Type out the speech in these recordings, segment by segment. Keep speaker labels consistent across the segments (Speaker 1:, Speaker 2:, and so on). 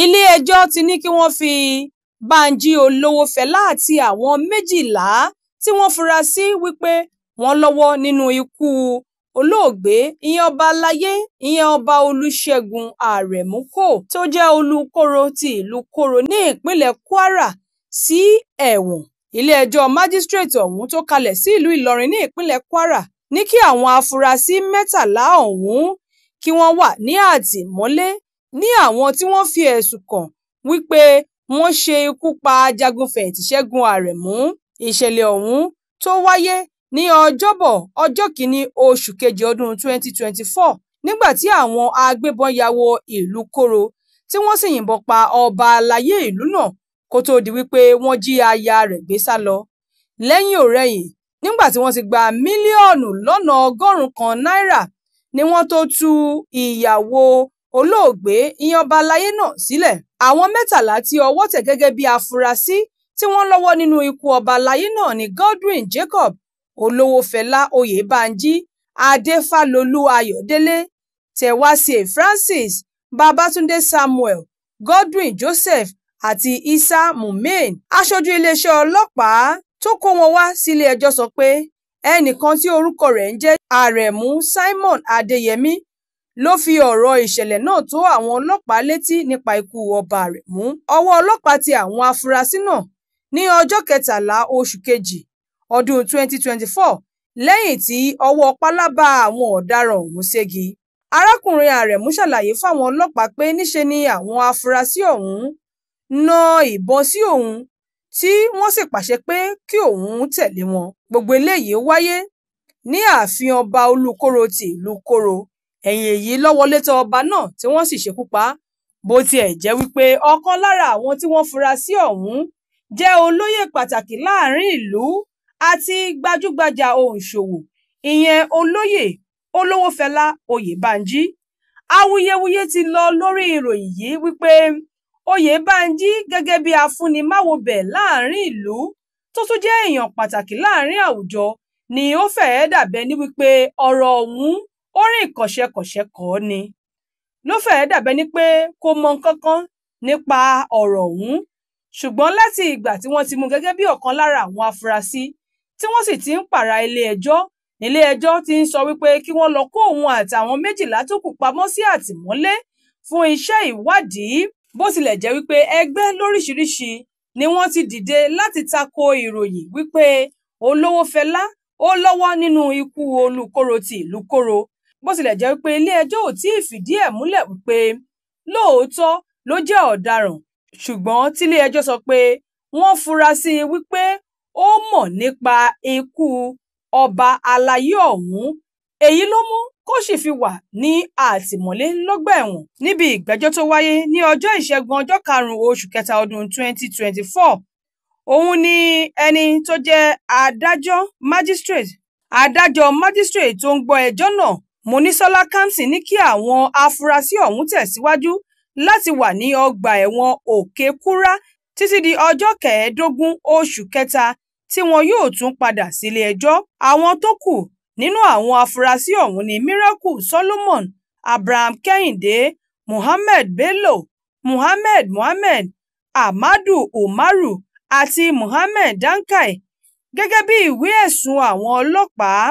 Speaker 1: Ilé-ẹjọ́ ti ní kí wọ́n fi Bánjí Olówófẹlá àti àwọn 12 tí wọ́n fura sí wípé wọ́n lọ́wọ́ nínú ikú olóògbé ìyẹn Ọba Aláyé ìyẹn Ọba Olúṣẹ́gun Arẹ̀mú-Kò tí ó jẹ́ Olùkóró ti ìlú Kóró ní ìpínlẹ̀ Kwara sí ẹ̀wọ̀n. Ilé-ẹjọ́ májísíréètì ọ̀hún tó kalẹ̀ sí ìlú Ìlọrin ní ìpínlẹ̀ Kwara ní kí àwọn afurasí 13 ọ̀hún kí wọ́n wà ní àtìmọ́lé ní àwọn tí wọ́n fi ẹ̀sùn kàn wípé wọ́n ṣe ikú pa ajagun-fẹ̀yìntì Ṣẹ́gun Àrẹ̀mú. Ìṣẹ̀lẹ̀ ọ̀hún tó wáyé ní Ọjọ́bọ̀ ọjọ́ 1 oṣù kejì ọdún 2024 nígbà tí àwọn agbébọn ya wọ ìlú Koro tí wọ́n sì yìnbọn pa ọba alayé ìlú náà kó tó di wípé wọ́n jí aya rẹ̀ gbé sálọ. Lẹ́yìn-ò-rẹyìn nígbà tí wọ́n ti gba mílíọ̀nù lọ́nà ọgọ́rùn-ún kan náírà ni wọ́n tó tú ìyàwó olóògbé ìyànba aláyé náà sílẹ̀ àwọn mẹ́tàlá tí ọwọ́ tẹ̀ gẹ́gẹ́ bí afurasí tí wọ́n lọ́wọ́ nínú ikú ọba aláyé náà ni Godwin Jacob Olówófẹlá Oyèbánjí Adéfálolú Ayọ̀délé Tẹ̀wáṣe Francis Babátúndé Samuel Godwin Joseph àti Isa Mumin aṣojú iléeṣẹ́ ọlọ́pàá tó kó wọn wá sílé ẹjọ́ sọ pé ẹnìkan tí orúkọ rẹ̀ ń jẹ́ Àrẹ̀mú Simon aDeyemi ló fi ọ̀rọ̀ ìṣẹ̀lẹ̀ náà tó àwọn ọlọ́pàá létí nípa ikú ọba Aremu. Ọwọ́ ọlọ́pàá tẹ àwọn afurasí náà ní ọjọ́ kẹtàlá oṣù kejì ọdún 2024 lẹ́yìn tí ọwọ́ pálábá àwọn ọ̀daràn ọ̀hún ségi. Arákùnrin Aremu ṣàlàyé fáwọn ọlọ́pàá pé níṣe ni àwọn afurasí ọ̀hún na ìbọn sí òun tí wọ́n sì pàṣẹ pé kí òun tẹ̀lé wọn. Gbogbo eléyìí wáyé ní ààfin ọba Olúkòró ti ìlú Kòró ẹ̀yìn èyí ló wọlé tọ ọba náà tí wọ́n sì ṣekú pa á bó tiẹ̀ jẹ́ wípé ọ̀kan lára àwọn tí wọ́n fura sí ọ̀hún jẹ́ olóyè pàtàkì láàrin ìlú àti gbajúgbajà òǹṣòwò ìyẹn olóyè olówófẹlá oyèbánjí awuyewuye ti lọ lórí ìròyìn yìí wípé oyèbánjí gẹ́gẹ́ bí afúnimáwòbẹ̀ láàrin ìlú tó tún jẹ́ èèyàn pàtàkì láàrin àwùjọ ni ó fẹ́ẹ́ dàbẹ́ ní wípé ọ̀rọ̀ ọ̀hún orin kọ̀ṣẹkọ̀ṣẹ kọ́ ni ló fẹ́ẹ́ dàbẹ́ ni pé kò mọ nǹkan kan nípa ọ̀rọ̀ ọ̀hún ṣùgbọ́n láti ìgbà tí wọ́n ti mú gẹ́gẹ́ bí ọ̀kan lára àwọn afurasí tí wọ́n sì ti ń pààrà ilé-ẹjọ́ ilé-ẹjọ́ ti ń sọ wípé kí wọ́n lọ kó òun àtàwọn méjìlá tó kù pamọ́ sí àtìmọ́lé fún iṣẹ́ ìwádìí bó tilẹ̀ jẹ́ wípé ẹgbẹ́ lóríṣiríṣi ni wọ́n ti dìde láti tako ìròyìn wípé olówó Fẹlá ó lọ́wọ́ nínú ikú olùkóró ti ìlú Kóró bó tilẹ̀ jẹ́ pé ilé-ẹjọ́ ò tí ì fìdí ẹ̀ múlẹ̀ wípé lóòótọ́ ló jẹ́ ọ̀daràn ṣùgbọ́n tílé-ẹjọ́ sọ pé wọ́n fura sí i wípé ó mọ̀ nípa ikú ọba alayé ọ̀hún èyí ló mú kó sì fi wà ní àtìmọ́lé lọ́gbà ẹ̀wọ̀n níbi ìgbẹ́jọ́ tó wáyé ní ọjọ́ ìṣẹ́gun ọjọ́ karùn-ún oṣù kẹta ọdún 2024 òun ni ẹni tó jẹ́ adájọ́ magistrate adájọ́ magistrate tó ń gbọ́ ẹjọ́ náà Monísọ́lá Kamsi ní kí àwọn afurasí ọ̀hún tẹ̀síwájú láti wà ní ọgbà ẹ̀wọ̀n Òkè-Kúrá títí di ọjọ́ 15 oṣù kẹta tí wọn yóò tún padà sílé ẹjọ́. Àwọn tó kù nínú àwọn afurasí ọ̀hún ni Miracle Solomon, Abraham Kẹ́hìndé, Mohammed Bello, Mohammed Mohammed, Amadu Umaru àti Mohammed Dankai. Gẹ́gẹ́ bí ìwé ẹ̀sùn àwọn ọlọ́pàá,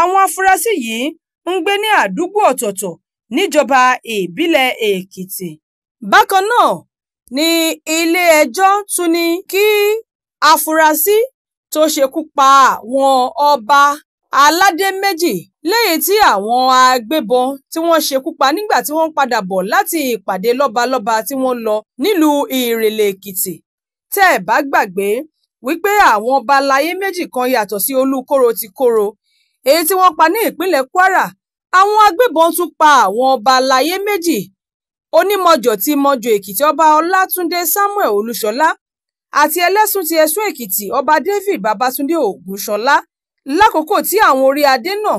Speaker 1: àwọn afurasí yìí ń gbé ní àdúgbò ọ̀tọ̀ọ̀tọ̀ níjọba ìbílẹ̀ èkìtì bákan náà ni ilé-ẹjọ́ tún ní kí àfúrásì tó ṣekú pa àwọn ọba aládé méjì lẹ́yìn tí àwọn agbébọn tí wọ́n ṣekú pa nígbà tí wọ́n ń padà bọ̀ láti ìpàdé lọ́balọ́ba tí wọ́n lọ nílùú ìrèlè èkìtì tẹ́ ẹ̀ bá gbàgbé wípé àwọn ọba aláyé méjì kan yàtọ̀ sí olúkóró ti kóró èyí tí wọ́n pa ní ìpínlẹ̀ Kwara àwọn agbébọn tún pa àwọn ọba aláyé méjì onímọ̀jọ̀ ti mọ̀jọ Èkìtì ọba Ọlátúndé Samuel Olúṣọlá àti ẹlẹ́sùn ti ẹ̀sùn Èkìtì ọba David Babátúndé Ògúnṣọlá lákòókò tí àwọn orí adé náà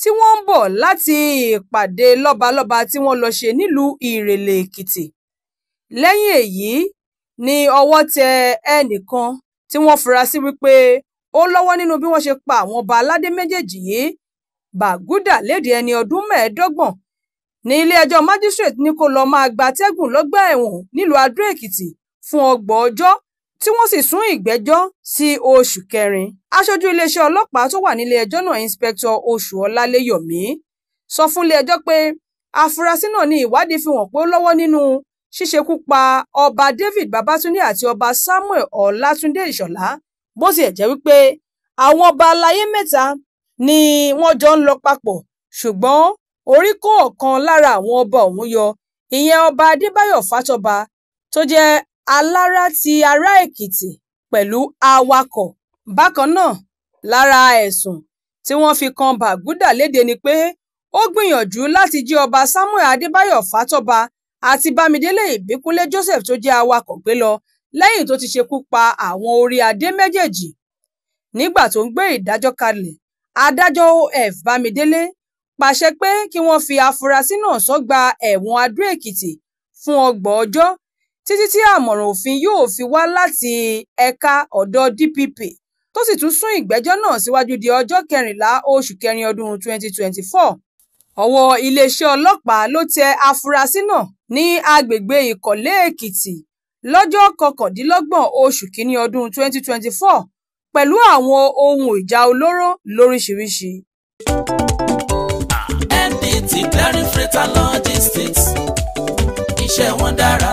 Speaker 1: tí wọ́n ń bọ̀ láti ìpàdé lọ́balọ́ba tí wọ́n lọ ṣe nílùú Ìrèlè Èkìtì lẹ́yìn èyí ni ọwọ́ tẹ ẹnìkan tí wọ́n fura sí wípé ó lọ́wọ́ nínú bí wọ́n ṣe pa àwọn ọba aládé méjèèjì yìí bàgúdà léde ẹni ọdún mẹ́ẹ̀ẹ́dọ́gbọ̀n ní ilé-ẹjọ́ májísrèètì ní kó lọ́ọ́ máa gba atẹ́gùn lọ́gbà ẹ̀wọ̀n nílùú adó-èkìtì fún ọgbọ̀n ọjọ́ tí wọ́n sì sún ìgbẹ́jọ́ sí oṣù kẹrin aṣojú iléeṣẹ́ ọlọ́pàá tó wà nílé ẹjọ́ náà inspector oṣù ọláléyọ̀mí sọ fún ilé ẹjọ́ pé afurasí náà ní ìwádìí fi hàn pé ó lọ́wọ́ nínú ṣíṣekú pa ọba david babatunde àti ọba samuel ọlátúndé ìṣọ̀lá bó tiẹ̀ jẹ́ wípé àwọn ọba aláyé mẹ́ta ni wọ́n jọ ń lọ papọ̀ ṣùgbọ́n orí kó ọ̀kan lára àwọn ọba ọ̀hún yọ ìyẹn ọba adébáyọ̀ fátọ́ba tó jẹ́ alára ti ará èkìtì pẹ̀lú awakọ̀ bákan náà lára ẹ̀sùn tí wọ́n fi kan bàgúdà léde ni pé ó gbìyànjú láti jí ọba samuel adébáyọ̀ fátọ́ba àti bámidélé ìbíkúnlé joseph tó jẹ́ awakọ̀ gbé lọ lẹ́yìn tó ti ṣekú pa àwọn orí-adé méjèèjì nígbà tó ń gbé ìdájọ́ kalẹ̀ adájọ́ of bámidélé pàṣẹ pé kí wọ́n fi afurasí náà sọ́gbà ẹ̀wọ̀n adó-èkìtì fún ọgbọ̀n ọjọ́ títí tí àmọ̀ràn òfin yóò fi wá láti ẹ̀ka ọ̀dọ̀ DPP tó sì tún sún ìgbẹ́jọ́ náà síwájú di ọjọ́ kẹrìnlá oṣù kẹrin ọdún 2024 ọwọ́ iléeṣẹ́ ọlọ́pàá ló tẹ afurasí náà ní agbègbè ìkọ̀lé èkìtì lọ́jọ́ 29 oṣù kìíní ọdún 2024 pẹ̀lú àwọn ohun ìjà olóró lóríṣiríṣi.
Speaker 2: MDT Clearing Freighter Logistics iṣẹ́ wọn dára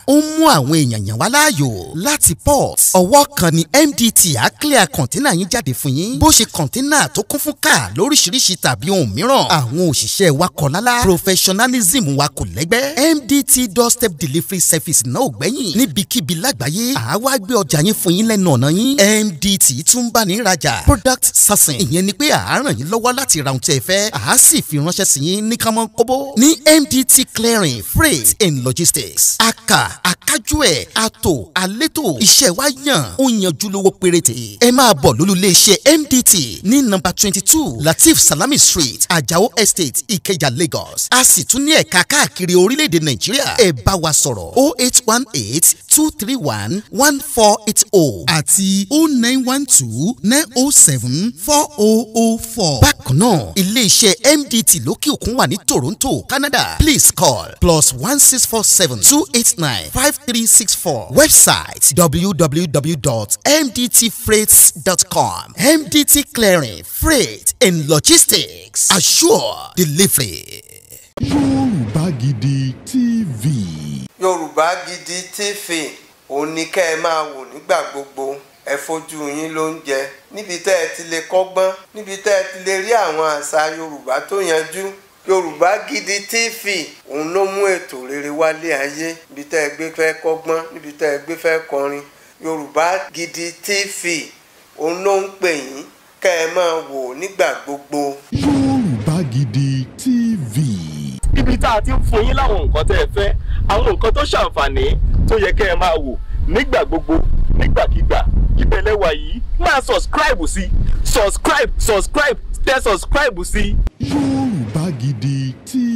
Speaker 2: ó ń mú àwọn èèyàn yàn wá láàyò láti port ọwọ́ kan ni MDT á clear kọ̀ńténà yín jáde fún yín bó ṣe kọ̀ńténà tó kún fún káà lóríṣiríṣi tàbí ohun mìíràn àwọn òṣìṣẹ́ wa kọ̀ lálá professionalism wa kò lẹ́gbẹ́ MDT doorstep delivery service náà ò gbẹ́yìn níbikíbi lágbàáyé àá wá gbé ọjà yín fún yín lẹ́nu ọ̀nà yín MDT tún bá ní rajà product sourcing ìyẹn ni pé àá ràn yín lọ́wọ́ láti ra ohun tí ẹ fẹ́ àá sì fi ránṣẹ́ sí yín ní kánmọ́ kóbó ní MDT clearing freight and logistics aka akájú ẹ̀ ato alétò iṣẹ́ wa yàn ó yanjú lówó péréte ẹ máa bọ̀ lólùléeṣẹ́ MDT ní nọ́mbà twenty two Latif Salami Street Ajao Estate Ikeja Lagos a sì tún ní ẹ̀ka káàkiri orílẹ̀-èdè Nàìjíríà ẹ bá wa sọ̀rọ̀ o oh eight one eight two three one one four eight O oh àti o oh nine one two nine o seven four o o four. bákan náà iléeṣẹ́ MDT lókè òkun wà ní Toronto Canada please call plus one six four seven two eight nine nine five three six four website www.mdtfreights.com MDT Clearing Freight and Logistics assure delivery. Yorùbá Gidi TV. Yorùbá Gidi TV òun ni kẹ́ ẹ máa wò nígbà gbogbo ẹ fojú yín ló ń jẹ níbi tẹ́ ẹ ti lè kọ́gbọ́n níbi tẹ́ ẹ ti lè rí àwọn àṣà Yorùbá tó yanjú yorùbá gidi tv òun ló mú ètò rere wálé ayé ibi tá ẹ gbé fẹ́ kọ́gbọ́n níbi tá ẹ gbé fẹ́ kọrin yorùbá gidi tv òun
Speaker 1: ló ń pè yín kẹ́ ẹ máa wò nígbà gbogbo. yorùbá gidi tv.
Speaker 2: ibi tá a ti ń fún yín láwọn nǹkan tẹ́ ẹ fẹ́ àwọn nǹkan tó ṣàǹfààní tó yẹ kẹ́ ẹ máa wò nígbà gbogbo nígbàkigbà ìbẹ̀lẹ̀wà yìí máa subscribe sí subscribe subscribe tẹ subscribe sí.
Speaker 1: yorùbá Baggy gidi tí